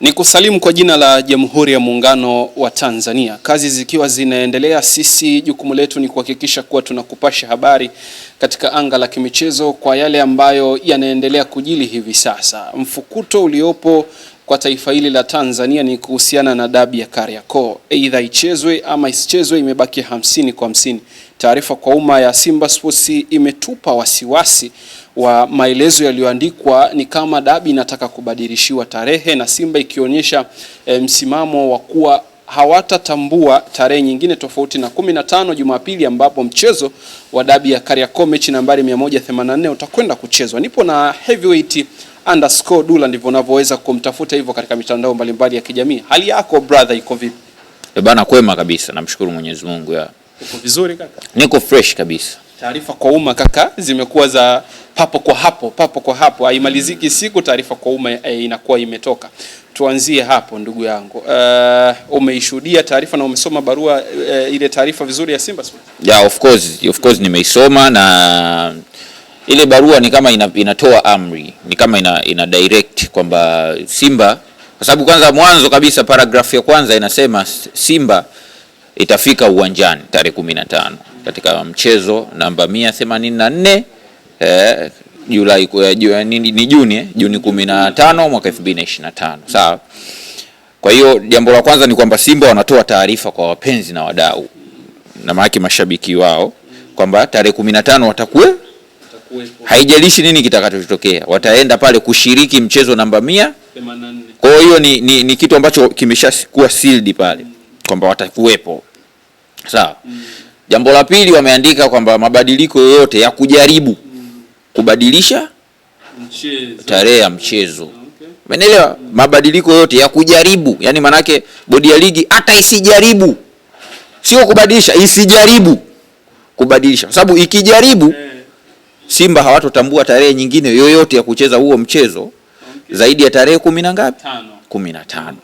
Ni kusalimu kwa jina la Jamhuri ya Muungano wa Tanzania. Kazi zikiwa zinaendelea, sisi jukumu letu ni kuhakikisha kuwa tunakupasha habari katika anga la kimichezo kwa yale ambayo yanaendelea kujili hivi sasa. Mfukuto uliopo kwa taifa hili la Tanzania ni kuhusiana na dabi ya Kariakoo, aidha ichezwe ama isichezwe, imebaki hamsini kwa hamsini. Taarifa kwa umma ya Simba Sports imetupa wasiwasi wa maelezo yaliyoandikwa ni kama dabi inataka kubadilishiwa tarehe na Simba ikionyesha e, msimamo wa kuwa hawatatambua tarehe nyingine tofauti na 15 Jumapili ambapo mchezo wa dabi ya Kariakoo mechi nambari 184 utakwenda kuchezwa. Nipo na Heavyweight underscore Dula, ndivyo unavyoweza kumtafuta hivyo katika mitandao mbalimbali ya kijamii. Hali yako brother, iko vipi? Eh, bana, kwema kabisa, namshukuru Mwenyezi Mungu ya. Uko vizuri kaka? Niko fresh kabisa taarifa kwa umma kaka zimekuwa za papo kwa hapo papo kwa hapo, haimaliziki siku taarifa kwa umma e, inakuwa imetoka. Tuanzie hapo ndugu yangu, uh, umeishuhudia taarifa na umesoma barua uh, ile taarifa vizuri ya Simba Sports? Yeah, of course, of course nimeisoma na ile barua ni kama ina, inatoa amri ni kama ina, ina direct kwamba Simba, kwa sababu kwanza mwanzo kabisa paragraph ya kwanza inasema Simba itafika uwanjani tarehe 15 katika mchezo namba 184 eh, Julai eh, ni Juni eh, Juni 15 mwaka 2025. Sawa. Kwa hiyo jambo la kwanza ni kwamba Simba wanatoa taarifa kwa wapenzi na wadau na maana mashabiki wao kwamba tarehe 15 watakuwa haijalishi nini kitakachotokea, wataenda pale kushiriki mchezo namba 184. Kwa hiyo ni, ni, ni kitu ambacho kimeshakuwa sealed pale kwamba watakuwepo sawa. mm. Jambo la pili wameandika kwamba mabadiliko yoyote ya kujaribu kubadilisha tarehe ya mchezo ah, umeelewa? Okay. Mabadiliko yote ya kujaribu, yani manake bodi ya ligi hata isijaribu, sio kubadilisha, isijaribu kubadilisha, kwa sababu ikijaribu eh. Simba hawatotambua tarehe nyingine yoyote ya kucheza huo mchezo okay. zaidi ya tarehe kumi na ngapi? Kumi na tano.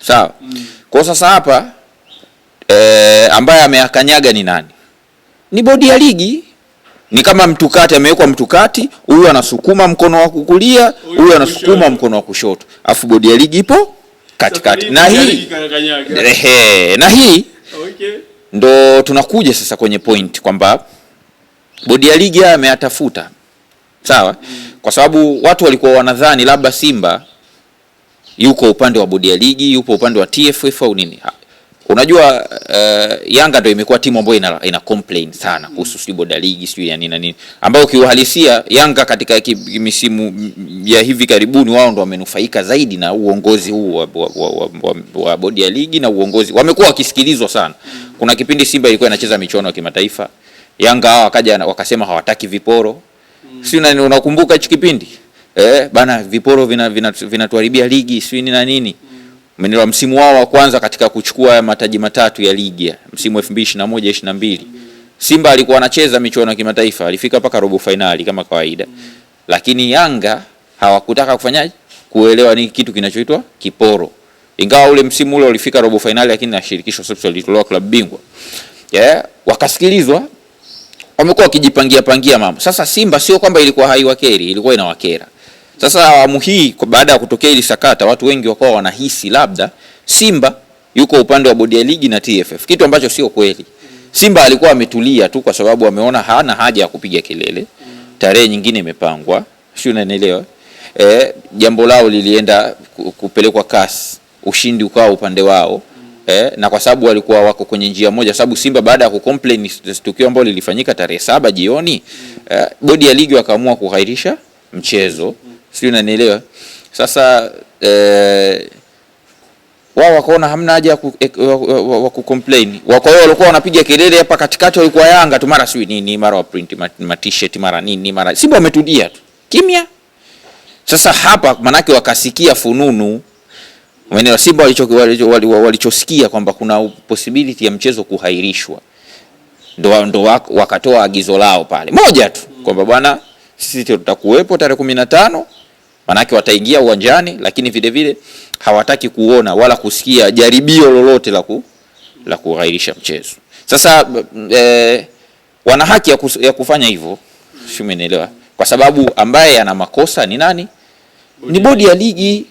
Sawa. Mm. Kwa sasa hapa e, ambaye ameyakanyaga ni nani? Ni bodi ya ligi. Ni kama mtukati amewekwa mtukati, huyu anasukuma mkono wa kulia, huyu anasukuma mkono wa kushoto, afu bodi ya ligi ipo katikati. Na hii ehe, na hii okay, ndo tunakuja sasa kwenye point kwamba bodi ya ligi haya ameyatafuta sawa, mm. kwa sababu watu walikuwa wanadhani labda Simba yuko upande wa bodi ya ligi, yupo upande wa TFF au nini. Unajua uh, Yanga ndio imekuwa timu ambayo ina, ina complain sana kuhusu sijui boda ligi sijui ya nini na nini, ambayo kiuhalisia Yanga katika misimu ya hivi karibuni wao ndo wamenufaika zaidi na uongozi huu wa, wa, wa, wa, wa, wa bodi ya ligi na uongozi, wamekuwa wakisikilizwa sana. mm. Kuna kipindi Simba ilikuwa inacheza michuano ya kimataifa, Yanga hao wakaja wakasema hawataki viporo, mm. si unakumbuka hichi kipindi eh, bana, viporo vinatuharibia vina, vina ligi sijui na nini mm. Mnelewa msimu wao wa kwanza katika kuchukua ya mataji matatu ya ligi msimu 2021 22. Simba alikuwa anacheza michuano ya kimataifa, alifika paka robo finali kama kawaida. Lakini Yanga hawakutaka kufanyaje? Kuelewa ni kitu kinachoitwa kiporo. Ingawa ule msimu ule walifika robo finali lakini na shirikisho sasa lilitolewa klabu bingwa. Yeah, wakasikilizwa. Wamekuwa wakijipangia pangia mambo. Sasa Simba sio kwamba ilikuwa haiwakeri, ilikuwa inawakera. Sasa awamu hii baada ya kutokea hili sakata, watu wengi wakawa wanahisi labda Simba yuko upande wa bodi ya ligi na TFF, kitu ambacho sio kweli. Simba alikuwa ametulia tu kwa sababu ameona hana haja ya kupiga kelele. Tarehe nyingine imepangwa, sio, unanielewa? E, jambo lao lilienda kupelekwa kasi, ushindi ukawa upande wao. E, na kwa sababu walikuwa wako kwenye njia moja, sababu Simba baada ya kucomplain tukio ambalo lilifanyika tarehe saba jioni, e, bodi ya ligi wakaamua kuhairisha mchezo. mm sijui unanielewa. Sasa eh, wao wakaona hamna haja ya ku eh, complain. Wako wao walikuwa wanapiga kelele hapa katikati, walikuwa Yanga tu mara sijui nini mara wa print ma t-shirt mara nini mara Simba wametudia tu kimya. Sasa hapa manake wakasikia fununu Mwenye Simba walichosikia walicho, walicho, walicho kwamba kuna possibility ya mchezo kuhairishwa, ndo, ndo wakatoa agizo lao pale moja tu kwamba bwana, sisi tutakuwepo tarehe kumi na tano. Manake wataingia uwanjani, lakini vile vile hawataki kuona wala kusikia jaribio lolote la ku, la kughairisha mchezo. Sasa e, wana haki ya, ya kufanya hivyo, si umeelewa? Kwa sababu ambaye ana makosa ni nani? Ni bodi ya ligi,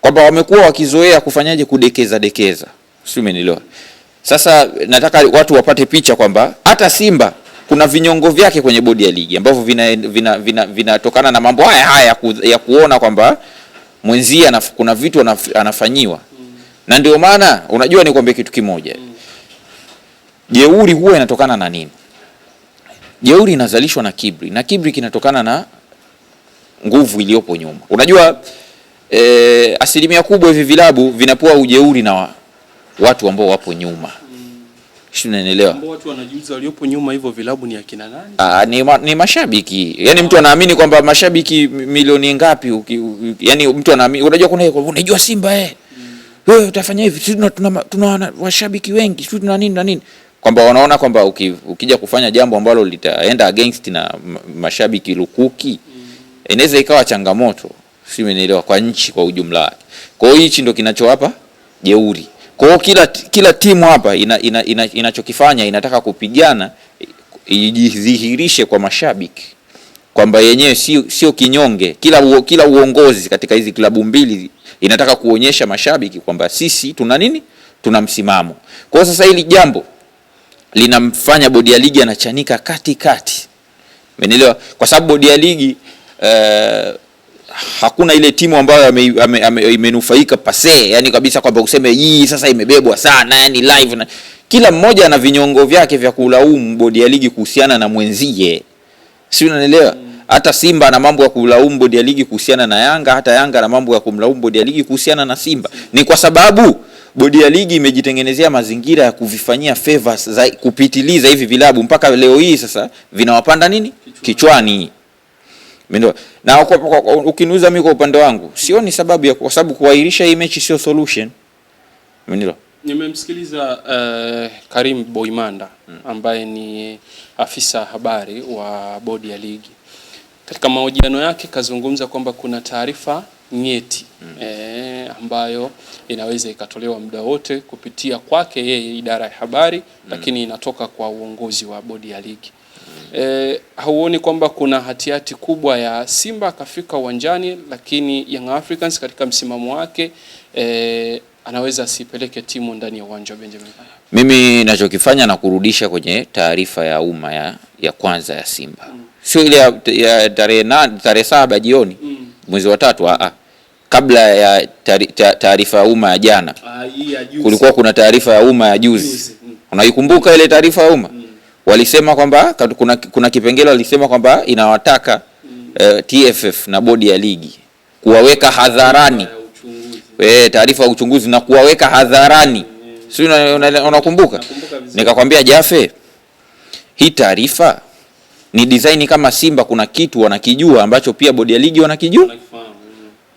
kwamba wamekuwa wakizoea kufanyaje, kudekeza dekeza, sio umeelewa? Sasa nataka watu wapate picha kwamba hata Simba kuna vinyongo vyake kwenye bodi ya ligi ambavyo vinatokana vina, vina, vina na mambo haya haya ku, ya kuona kwamba mwenzie anaf, kuna vitu anaf, anafanyiwa na ndio maana unajua nikwambie kitu kimoja jeuri huwa inatokana na nini? Jeuri inazalishwa na kibri, na kibri kinatokana na nguvu iliyopo nyuma. Unajua e, asilimia kubwa hivi vilabu vinapoa ujeuri na watu ambao wapo nyuma Unanielewa? Watu wanajiuliza waliopo nyuma hivyo vilabu ni akina nani? Aa, ah, ni, ma, ni mashabiki yaani, mtu anaamini kwamba mashabiki milioni ngapi uki, uki, yaani mtu anaamini, unajua kuna unajua Simba eh mm. wewe mm. utafanya hivi sisi tuna, tuna, tuna washabiki wengi sisi tuna nini na nini, kwamba wanaona kwamba uki, ukija kufanya jambo ambalo litaenda against na mashabiki lukuki mm. inaweza ikawa changamoto, si umenielewa, kwa nchi kwa ujumla wake. Kwa hiyo hichi ndio kinachowapa jeuri kwa hiyo kila, kila timu hapa inachokifanya ina, ina, ina inataka kupigana ijidhihirishe kwa mashabiki kwamba yenyewe sio sio kinyonge. Kila, u, kila uongozi katika hizi klabu mbili inataka kuonyesha mashabiki kwamba sisi tuna nini, tuna msimamo. Kwa sasa hili jambo linamfanya bodi ya ligi anachanika katikati, menelewa Kwa sababu bodi ya ligi eh, hakuna ile timu ambayo imenufaika pase, yani kabisa kwamba useme hii sasa imebebwa sana, yani live na kila mmoja ana vinyongo vyake vya kulaumu bodi ya ligi kuhusiana na mwenzie, si unanielewa? Hata Simba ana mambo ya kulaumu bodi ya ligi kuhusiana na Yanga, hata Yanga ana mambo ya kumlaumu bodi ya ligi kuhusiana na Simba. Ni kwa sababu bodi ya ligi imejitengenezea mazingira ya kuvifanyia favors za kupitiliza hivi vilabu mpaka leo hii sasa vinawapanda nini kichwani. Umeelewa? Na ukiniuza mimi kwa upande wangu, sioni sababu ya kwa sababu kuahirisha hii mechi sio solution. Umeelewa? Nimemsikiliza uh, Karim Boimanda hmm. ambaye ni afisa habari wa bodi ya ligi. Katika mahojiano yake kazungumza kwamba kuna taarifa nyeti mm. E, ambayo inaweza ikatolewa muda wote kupitia kwake yeye idara ya habari mm. Lakini inatoka kwa uongozi wa bodi ya ligi e, hauoni kwamba kuna hatihati kubwa ya Simba akafika uwanjani, lakini Young Africans katika msimamo wake e, anaweza asipeleke timu ndani ya uwanja wa Benjamin Mkapa. Mimi nachokifanya na kurudisha kwenye taarifa ya umma ya, ya kwanza ya Simba mm. sio ile ya, ya tarehe saba jioni mm. mwezi wa tatu aa kabla ya taarifa ya umma ya jana ah, kulikuwa kuna taarifa ya umma ya juzi mm. unaikumbuka ile taarifa ya umma mm walisema kwamba kuna, kuna kipengele walisema kwamba inawataka mm. uh, eh, TFF na bodi ya ligi kuwaweka hadharani eh, taarifa ya uchunguzi na kuwaweka hadharani mm. si unakumbuka? Nikakwambia Jafe, hii taarifa ni design kama Simba kuna kitu wanakijua ambacho pia bodi ya ligi wanakijua eh.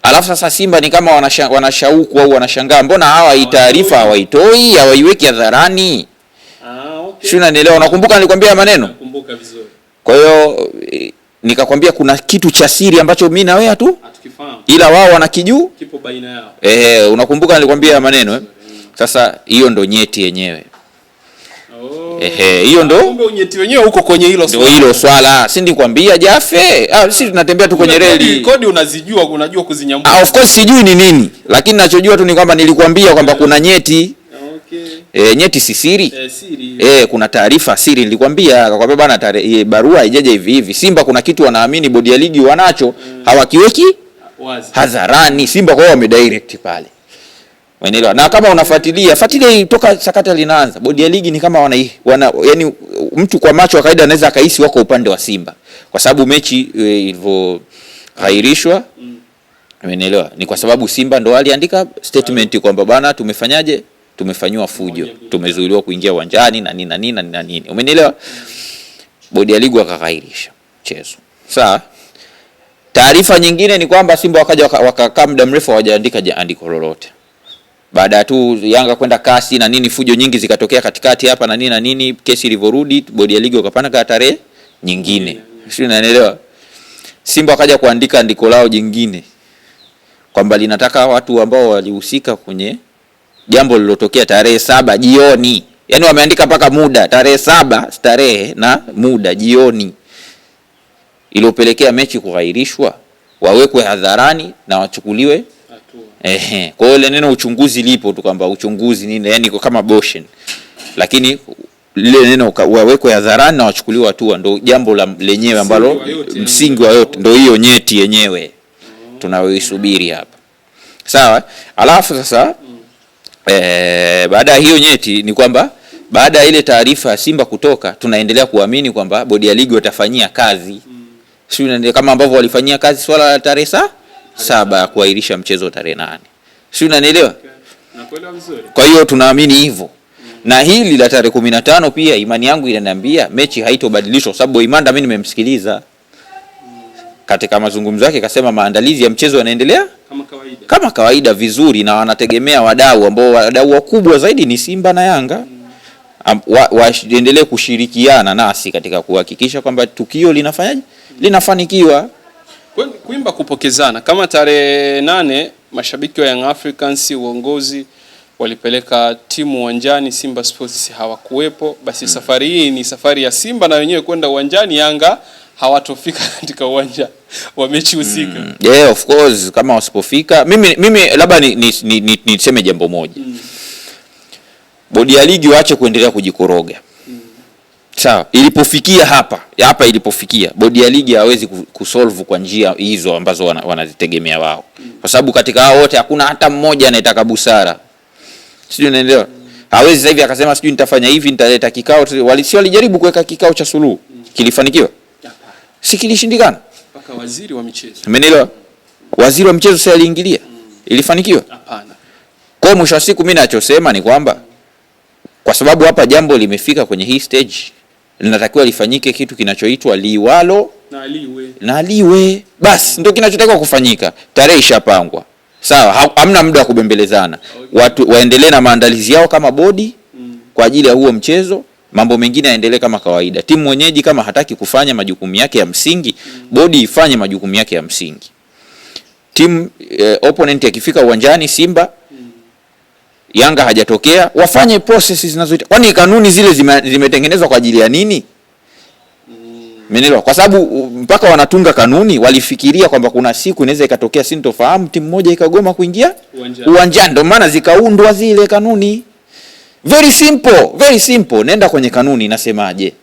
Alafu sasa Simba ni kama wanashauku au wanashangaa mbona hawa hii taarifa hawaitoi hawaiweki hadharani okay. Sio, unanielewa? Unakumbuka nilikwambia maneno? Nakumbuka vizuri. Kwa hiyo eh, nikakwambia kuna kitu cha siri ambacho mimi na wewe tu hatukifahamu, ila wao wanakijua, kipo baina yao. Eh, unakumbuka nilikwambia maneno eh? Mm. Sasa hiyo ndo nyeti yenyewe. Oh. Ehe, hiyo ndo kumbe unyeti wenyewe uko kwenye hilo swala. Ndio hilo swala. Si nilikwambia Jafe? Ah, sisi tunatembea tu kwenye reli. Kodi unazijua, unajua kuzinyambua. Ah, of course sijui ni nini, lakini ninachojua tu ni kwamba nilikwambia kwamba kuna nyeti okay. E, nyeti si siri e, E, kuna taarifa siri nilikwambia, akakwambia bana e, barua ijeje hivi hivi. Simba kuna kitu wanaamini bodi ya ligi wanacho mm. hawakiweki wazi hadharani. Simba kwao wame direct pale, unaelewa. Na kama unafuatilia fuatilia toka sakata linaanza, bodi ya ligi ni kama wana, wana yani, mtu kwa macho wa kawaida anaweza akahisi wako upande wa Simba kwa sababu mechi e, ilivyohairishwa mm. Umeelewa? Ni kwa sababu Simba ndo waliandika statement kwamba bana tumefanyaje? tumefanywa fujo, tumezuiliwa kuingia uwanjani na nini na nini na nini, umenielewa? Bodi ya ligi wakagairisha mchezo. Sawa. Taarifa nyingine ni kwamba Simba wakaja wakakaa muda mrefu hawajaandika andiko lolote, baada tu Yanga kwenda kasi na nini, fujo nyingi zikatokea katikati hapa na nini na nini. Kesi ilivyorudi, bodi ya ligi wakapana kwa tarehe nyingine, sio naelewa. Simba wakaja kuandika andiko lao jingine kwamba linataka watu ambao walihusika kwenye jambo lilotokea tarehe saba jioni, yani wameandika mpaka muda tarehe saba starehe na muda jioni, iliopelekea mechi kughairishwa, wawekwe hadharani na wachukuliwe Ehe, kwa ile neno uchunguzi lipo tu kwamba uchunguzi nini, yani kama boshen, lakini lile neno wawekwe hadharani na wachukuliwe hatua, ndo jambo la lenyewe ambalo msingi wa yote ndo hiyo nyeti yenyewe oh. tunayoisubiri hapa, sawa. Alafu sasa mm e, baada ya hiyo nyeti ni kwamba baada ya ile taarifa ya Simba kutoka, tunaendelea kuamini kwamba bodi ya ligi watafanyia kazi mm. kama ambavyo walifanyia kazi swala la tarehe saa saba ya kuahirisha mchezo tarehe nane, sio unanielewa? Kwa hiyo tunaamini hivyo mm. na hili la tarehe kumi na tano pia imani yangu inaniambia mechi haitobadilishwa, kwa sababu Boimanda mimi nimemsikiliza katika mazungumzo yake kasema maandalizi ya mchezo yanaendelea kama kawaida, kama kawaida vizuri, na wanategemea wadau ambao wadau wakubwa zaidi ni Simba na Yanga waendelee wa kushirikiana nasi katika kuhakikisha kwamba tukio linafanyaje linafanikiwa. Kuimba kupokezana kama tarehe nane, mashabiki wa Young Africans uongozi walipeleka timu uwanjani, Simba Sports hawakuwepo. Basi hmm. safari hii ni safari ya Simba na wenyewe kwenda uwanjani, Yanga hawatofika katika uwanja wa mechi husika. Mm, yeah, of course kama wasipofika. Mimi, mimi labda niseme ni, ni, ni ni jambo moja mm. Bodi ya ligi waache kuendelea kujikoroga mm. Sawa, ilipofikia hapa hapa ilipofikia, bodi ya ligi hawezi kusolve kwa njia hizo ambazo wanazitegemea wana wao mm. Kwa sababu katika hao wote hakuna hata mmoja anayetaka busara, sijui unaelewa mm. Hawezi sasa hivi akasema sijui nitafanya hivi nitaleta kikao, walijaribu kuweka kikao cha suluhu mm. Kilifanikiwa si kilishindikana mpaka waziri wa michezo. Umenielewa? Waziri wa michezo sasa aliingilia. Mm. Ilifanikiwa? Hapana. Kwa mwisho wa siku mimi nachosema ni kwamba kwa sababu hapa jambo limefika kwenye hii stage linatakiwa lifanyike kitu kinachoitwa liwalo na liwe, na liwe. Basi ndio kinachotakiwa kufanyika. Tarehe ishapangwa, sawa, hamna muda wa kubembelezana. Okay. Watu waendelee na maandalizi yao kama bodi mm, kwa ajili ya huo mchezo mambo mengine yaendelee kama kawaida. Timu mwenyeji kama hataki kufanya majukumu yake ya msingi, bodi ifanye majukumu yake ya msingi. Timu eh, opponent akifika uwanjani Simba Yanga hajatokea, wafanye process zinazoita. Kwani kanuni zile zimetengenezwa kwa ajili ya nini? Umeelewa? Kwa sababu mpaka wanatunga kanuni walifikiria kwamba kuna siku inaweza ikatokea sintofahamu, timu moja ikagoma kuingia uwanjani, ndio maana zikaundwa zile kanuni. Very simple, very simple. Nenda kwenye kanuni inasemaje?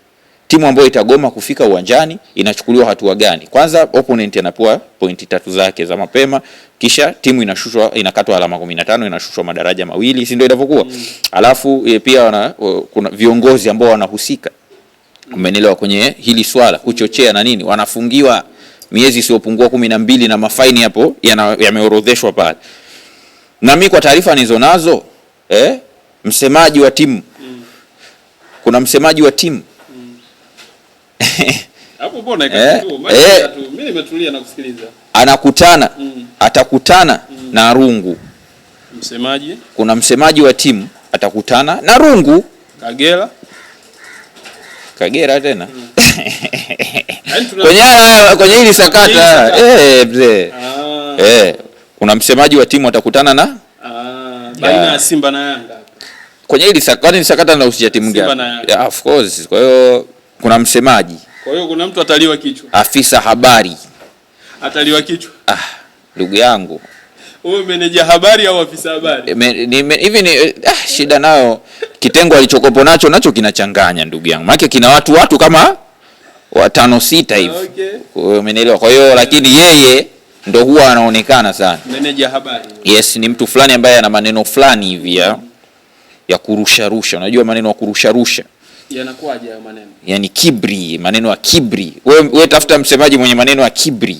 Timu ambayo itagoma kufika uwanjani inachukuliwa hatua gani? Kwanza opponent anapewa pointi tatu zake za mapema, kisha timu inashushwa, inakatwa alama 15, inashushwa madaraja mawili, si ndio inavyokuwa? Mm. Alafu e, pia wana, kuna viongozi ambao wanahusika, umenielewa, kwenye hili swala kuchochea na nini, wanafungiwa miezi isiyopungua kumi na mbili na mafaini hapo yameorodheshwa pale. Na mimi kwa taarifa nizo nazo eh msemaji wa timu mm. kuna msemaji wa timu mm. eh, eh, anakutana mm. atakutana mm. na rungu msemaji. Kuna msemaji wa timu atakutana na rungu Kagera, Kagera tena mm. Yaani kwenye kwenye hili sakata eh, mzee ah. eh, kuna msemaji wa timu atakutana na ah, baina ya Simba na Yanga kwenye hili sakata ni sakata na linahusisha timu gani? Yeah, of course. Kwa hiyo kuna msemaji, kwa hiyo kuna mtu ataliwa kichwa, afisa habari ataliwa kichwa. Ah, ndugu yangu wewe, meneja habari au afisa habari hivi ni me, eh, ni ah, shida nayo kitengo alichokopo nacho nacho kinachanganya ndugu yangu, maana kina watu watu kama watano sita hivi okay. Umeelewa? Kwa hiyo lakini yeye ndo huwa anaonekana sana meneja habari. Yes, ni mtu fulani ambaye ana maneno fulani hivi ya Mm -hmm ya kurusharusha. Unajua maneno ya kurusharusha yanakuwaje hayo maneno? Yani kibri, maneno ya kibri. Wewe we tafuta msemaji mwenye maneno ya kibri,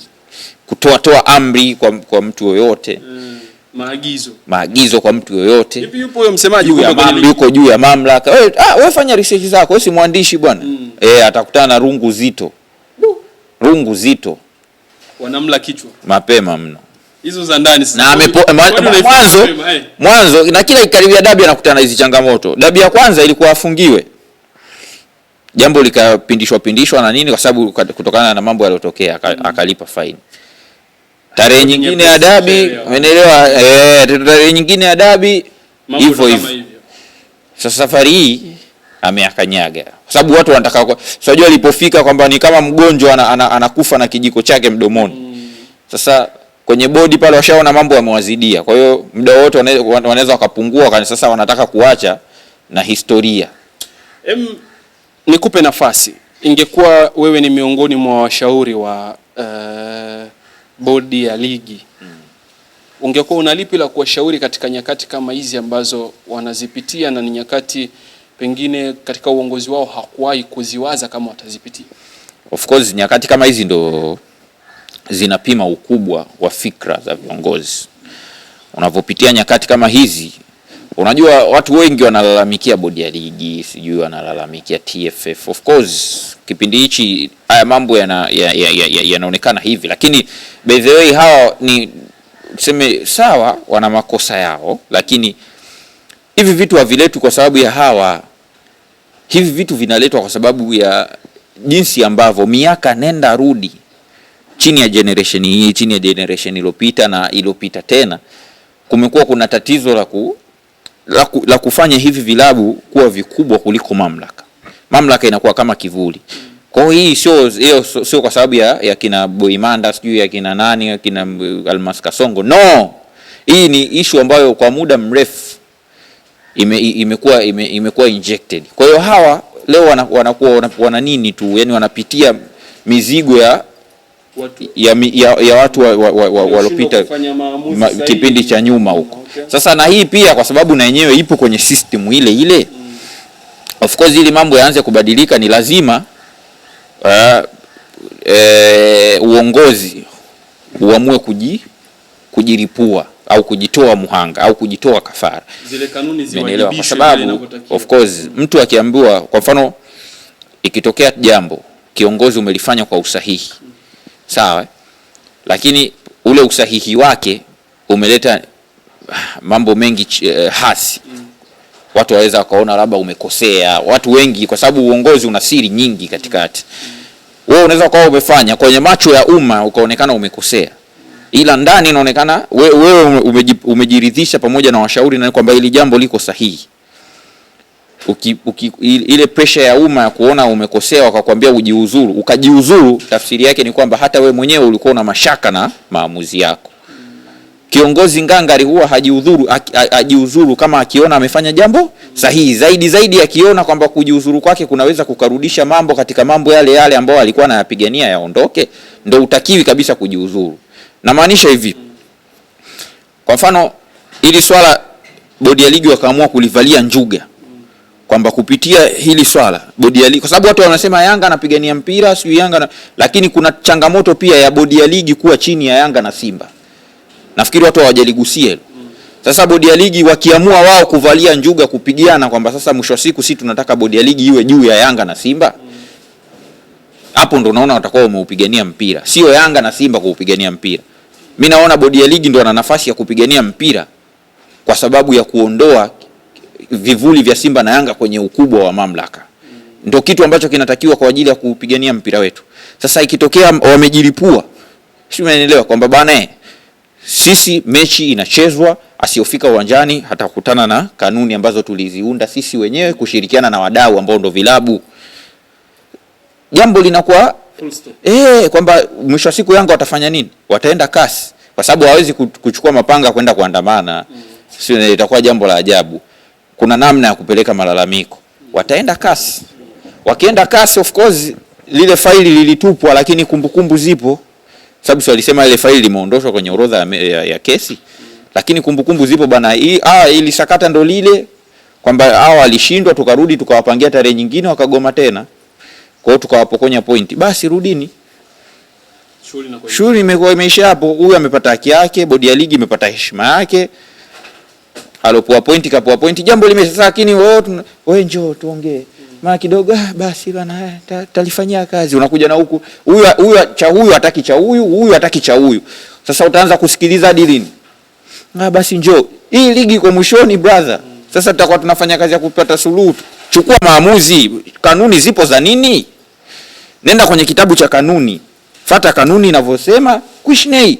kutoa toa amri kwa, kwa mtu yoyote mm, maagizo maagizo kwa mtu yoyote. Vipi yupo huyo msemaji yuko juu ya mamlaka? Wewe ah, wewe fanya research zako, wewe si mwandishi bwana mm. Eh, atakutana na rungu zito, rungu zito, wanamla kichwa mapema mno hizo za ndani sasa. na amepo mwanzo eh? mwanzo na kila ikaribia dabi anakutana na hizi changamoto. Dabi ya kwanza ilikuwa afungiwe, jambo likapindishwa pindishwa na nini, kwa sababu kutokana na mambo yaliyotokea mm. akalipa faini. Eh, tarehe nyingine ya dabi, umeelewa? Eh, tarehe nyingine ya dabi hivyo hivyo. Sasa safari hii ameakanyaga kwa sababu watu wanataka kwa... unajua alipofika kwamba ni kama mgonjwa anakufa ana, ana, na kijiko chake mdomoni. mm. Sasa kwenye bodi pale washaona mambo yamewazidia, kwa hiyo muda wote wanaweza wakapungua, kana sasa wanataka kuacha na historia. Em, nikupe nafasi, ingekuwa wewe ni miongoni mwa washauri wa uh, bodi ya ligi hmm, ungekuwa lipi la kuwashauri katika nyakati kama hizi ambazo wanazipitia na ni nyakati pengine katika uongozi wao hakuwahi kuziwaza kama watazipitia? Of course nyakati kama hizi ndo zinapima ukubwa wa fikra za viongozi. unavyopitia nyakati kama hizi, unajua watu wengi wanalalamikia bodi ya ligi, sijui wanalalamikia TFF. Of course kipindi hichi haya mambo yanaonekana ya, ya, ya, ya hivi, lakini by the way hawa ni tuseme sawa, wana makosa yao, lakini hivi vitu haviletwi kwa sababu ya hawa. Hivi vitu vinaletwa kwa sababu ya jinsi ambavyo miaka nenda rudi chini ya generation hii, chini ya generation iliyopita na iliyopita tena, kumekuwa kuna tatizo la ku, la, ku, la kufanya hivi vilabu kuwa vikubwa kuliko mamlaka. Mamlaka inakuwa kama kivuli. Kwa hii sio hiyo sio kwa sababu ya, ya kina Boimanda sijui ya kina nani ya kina uh, Almas Kasongo. No. Hii ni ishu ambayo kwa muda mrefu ime, imekuwa ime, imekuwa injected. Kwa hiyo hawa leo wanakuwa wana, wana, wana nini tu, yani wanapitia mizigo ya ya, ya, ya watu walopita wa, wa, wa ma, kipindi cha nyuma huko okay. Sasa na hii pia kwa sababu na yenyewe ipo kwenye system ile ile mm. Of course ili mambo yaanze kubadilika ni lazima uh, e, uongozi uamue kuji kujiripua au kujitoa muhanga au kujitoa kafara zile kanuni ziwajibishwe, kwa sababu of course mtu akiambiwa, kwa mfano, ikitokea jambo kiongozi umelifanya kwa usahihi sawa, lakini ule usahihi wake umeleta ah, mambo mengi uh, hasi Watu waweza wakaona labda umekosea, watu wengi, kwa sababu uongozi una siri nyingi katikati Wewe unaweza ukawa umefanya kwenye macho ya umma ukaonekana umekosea, ila ndani inaonekana wewe umejiridhisha pamoja na washauri na kwamba hili jambo liko sahihi uki, uki, ile pressure ya umma ya kuona umekosea wakakwambia ujiuzuru, ukajiuzuru, tafsiri yake ni kwamba hata we mwenyewe ulikuwa una mashaka na maamuzi yako. Kiongozi ngangari huwa hajiudhuru, hajiuzuru kama akiona amefanya jambo sahihi zaidi zaidi, akiona kwamba kujiuzuru kwake kunaweza kukarudisha mambo katika mambo yale yale ambayo alikuwa anayapigania yaondoke, ndo utakiwi kabisa kujiuzuru. Na maanisha hivi, kwa mfano, ili swala bodi ya ligi wakaamua kulivalia njuga kwamba kupitia hili swala bodi ya ligi, kwa sababu watu wanasema Yanga anapigania mpira siyo Yanga na, lakini kuna changamoto pia ya bodi ya ligi kuwa chini ya Yanga na Simba. Nafikiri watu hawajaligusia hilo. Sasa bodi ya ligi wakiamua wao kuvalia njuga kupigiana kwamba sasa mwisho wa siku sisi tunataka bodi ya ligi iwe juu ya Yanga na Simba, hapo ndo unaona watakuwa wameupigania mpira, sio Yanga na Simba kuupigania mpira. Mimi naona bodi ya ligi ndo ana nafasi ya kupigania mpira kwa sababu ya kuondoa vivuli vya Simba na Yanga kwenye ukubwa wa mamlaka ndio kitu ambacho kinatakiwa kwa ajili ya kupigania mpira wetu. Sasa ikitokea wamejilipua, si umeelewa kwamba bana, eh, sisi mechi inachezwa, asiyofika uwanjani hatakutana na kanuni ambazo tuliziunda sisi wenyewe kushirikiana na wadau ambao ndio vilabu, jambo linakuwa eh, kwamba mwisho wa siku Yanga watafanya nini? Wataenda kasi, kwa sababu hawezi kuchukua mapanga kwenda kuandamana, mm. si itakuwa jambo la ajabu kuna namna ya kupeleka malalamiko, wataenda kasi. Wakienda kasi, of course lile faili lilitupwa, lakini kumbukumbu kumbu zipo, sababu si walisema ile faili limeondoshwa kwenye orodha ya, ya, ya kesi, lakini kumbukumbu kumbu zipo bana. Hii ah, ili sakata ndo lile kwamba hao walishindwa, tukarudi tukawapangia tarehe nyingine, wakagoma tena, kwa hiyo tukawapokonya pointi. Basi rudini shughuli imekuwa imeisha hapo. Huyu amepata haki yake, bodi ya ligi imepata heshima yake alopoa kapoa kapoapointi, jambo lakini wewe njoo tuongee mm. maana kidogo ah, basi bana eh, talifanyia kazi. Unakuja na huku huyu huyu cha huyu hataki cha huyu huyu hataki cha huyu, sasa utaanza kusikiliza hadi lini? Ah, basi njoo, hii ligi kwa mwishoni brother. Mm. Sasa tutakuwa tunafanya kazi ya kupata suluhu. Chukua maamuzi, kanuni zipo za nini? Nenda kwenye kitabu cha kanuni, fata kanuni inavyosema, kwishnei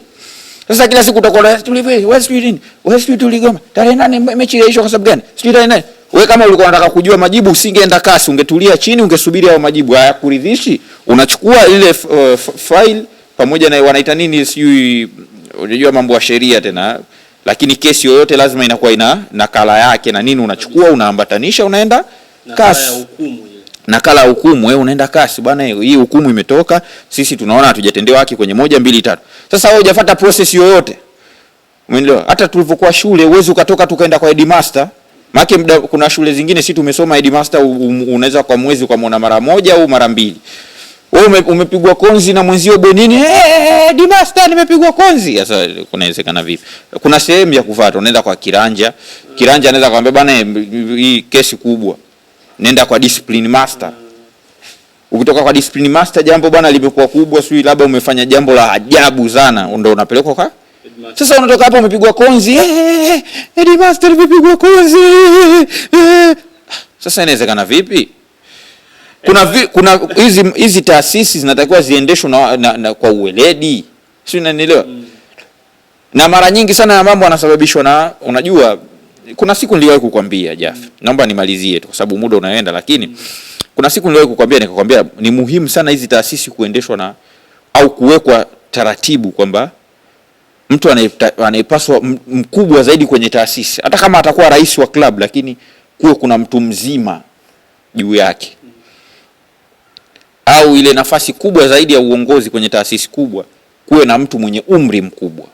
sasa kila siku utakola tulivyo, hivi, wewe sijui nini, wewe sijui tuligoma tarehe nane mechi ile hiyo kwa sababu gani? Sijui tarehe nane. Wewe kama ulikuwa unataka kujua majibu usingeenda kasi, ungetulia chini, ungesubiri hayo majibu. Haya kuridhishi, unachukua ile uh, file pamoja na wanaita nini, sijui unajua mambo ya sheria tena, lakini kesi yoyote lazima inakuwa ina nakala yake na nini, unachukua unaambatanisha, unaenda kasi nakala ya hukumu wewe unaenda kasi bwana, hii hukumu imetoka, sisi tunaona hatujatendewa haki kwenye moja mbili tatu. Sasa wewe hujafuata process yoyote. Umeelewa? Hata tulivyokuwa shule uwezi ukatoka tukaenda kwa headmaster. Maki mda, kuna shule zingine si tumesoma headmaster unaweza kwa mwezi kwa muona mara moja au mara mbili. Wewe umepigwa konzi na mwenzio bwenini, eh, headmaster nimepigwa konzi. Sasa kunawezekana vipi? Kuna sehemu ya kufuata, unaenda kwa kiranja. Kiranja anaweza kwambia bana, hii kesi kubwa. Nenda kwa discipline master. Mm. Ukitoka kwa discipline master, jambo bwana limekuwa kubwa, sio labda umefanya jambo la ajabu sana, ndio unapelekwa kwa sasa. Unatoka hapo umepigwa konzi, eh, eh, eh head master umepigwa konzi. Eh, sasa inawezekana vipi? Kuna vi, kuna hizi hizi taasisi zinatakiwa ziendeshwe na, na, na, kwa uweledi, sio? Unanielewa? mm. na mara nyingi sana ya mambo yanasababishwa na, unajua kuna siku niliwahi kukwambia Jaffe, mm. naomba nimalizie tu kwa sababu muda unaenda, lakini mm. Kuna siku niliwahi kukwambia nikakwambia ni muhimu sana hizi taasisi kuendeshwa na au kuwekwa taratibu kwamba mtu anayepaswa mkubwa zaidi kwenye taasisi, hata kama atakuwa rais wa club lakini kuwe kuna mtu mzima juu yake, au ile nafasi kubwa zaidi ya uongozi kwenye taasisi kubwa kuwe na mtu mwenye umri mkubwa,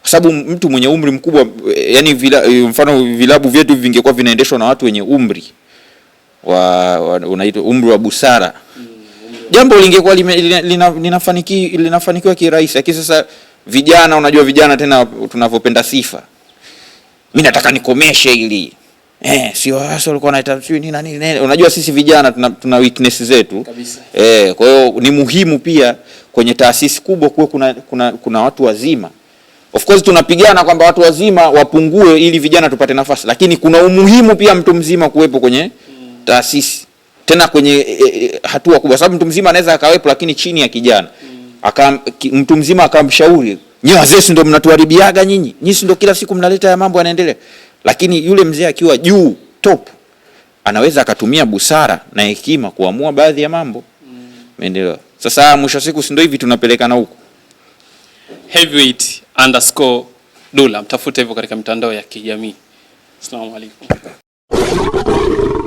kwa sababu mtu mwenye umri mkubwa, eh, yani vila, eh, mfano vilabu vyetu vingekuwa vinaendeshwa na watu wenye umri wa, wa unaitwa umri wa busara mm, jambo lingekuwa linafanikiwa linafanikiwa kirahisi, lakini sasa vijana, unajua vijana tena tunavyopenda sifa, mimi nataka nikomeshe ili Eh, sio hasa ulikuwa unaita sio nini na nini. Unajua sisi vijana tuna, tuna weakness zetu. Eh, kwa hiyo ni muhimu pia kwenye taasisi kubwa kuwe kuna, kuna kuna watu wazima. Of course tunapigana kwamba watu wazima wapungue ili vijana tupate nafasi, lakini kuna umuhimu pia mtu mzima kuwepo kwenye taasisi tena kwenye e, e, hatua kubwa, sababu mtu mzima anaweza akawepo, lakini chini ya kijana mm. aka, ki, mtu mzima akamshauri, nyinyi wazee si ndio mnatuharibiaga nyinyi, nyinyi si ndio kila siku mnaleta ya mambo yanaendelea. Lakini yule mzee akiwa juu top anaweza akatumia busara na hekima kuamua baadhi ya mambo mm. Sasa mwisho wa siku, si ndio hivi tunapelekana huko. Heavyweight underscore dola mtafute hivyo katika mitandao ya kijamii. Asalamu alaykum.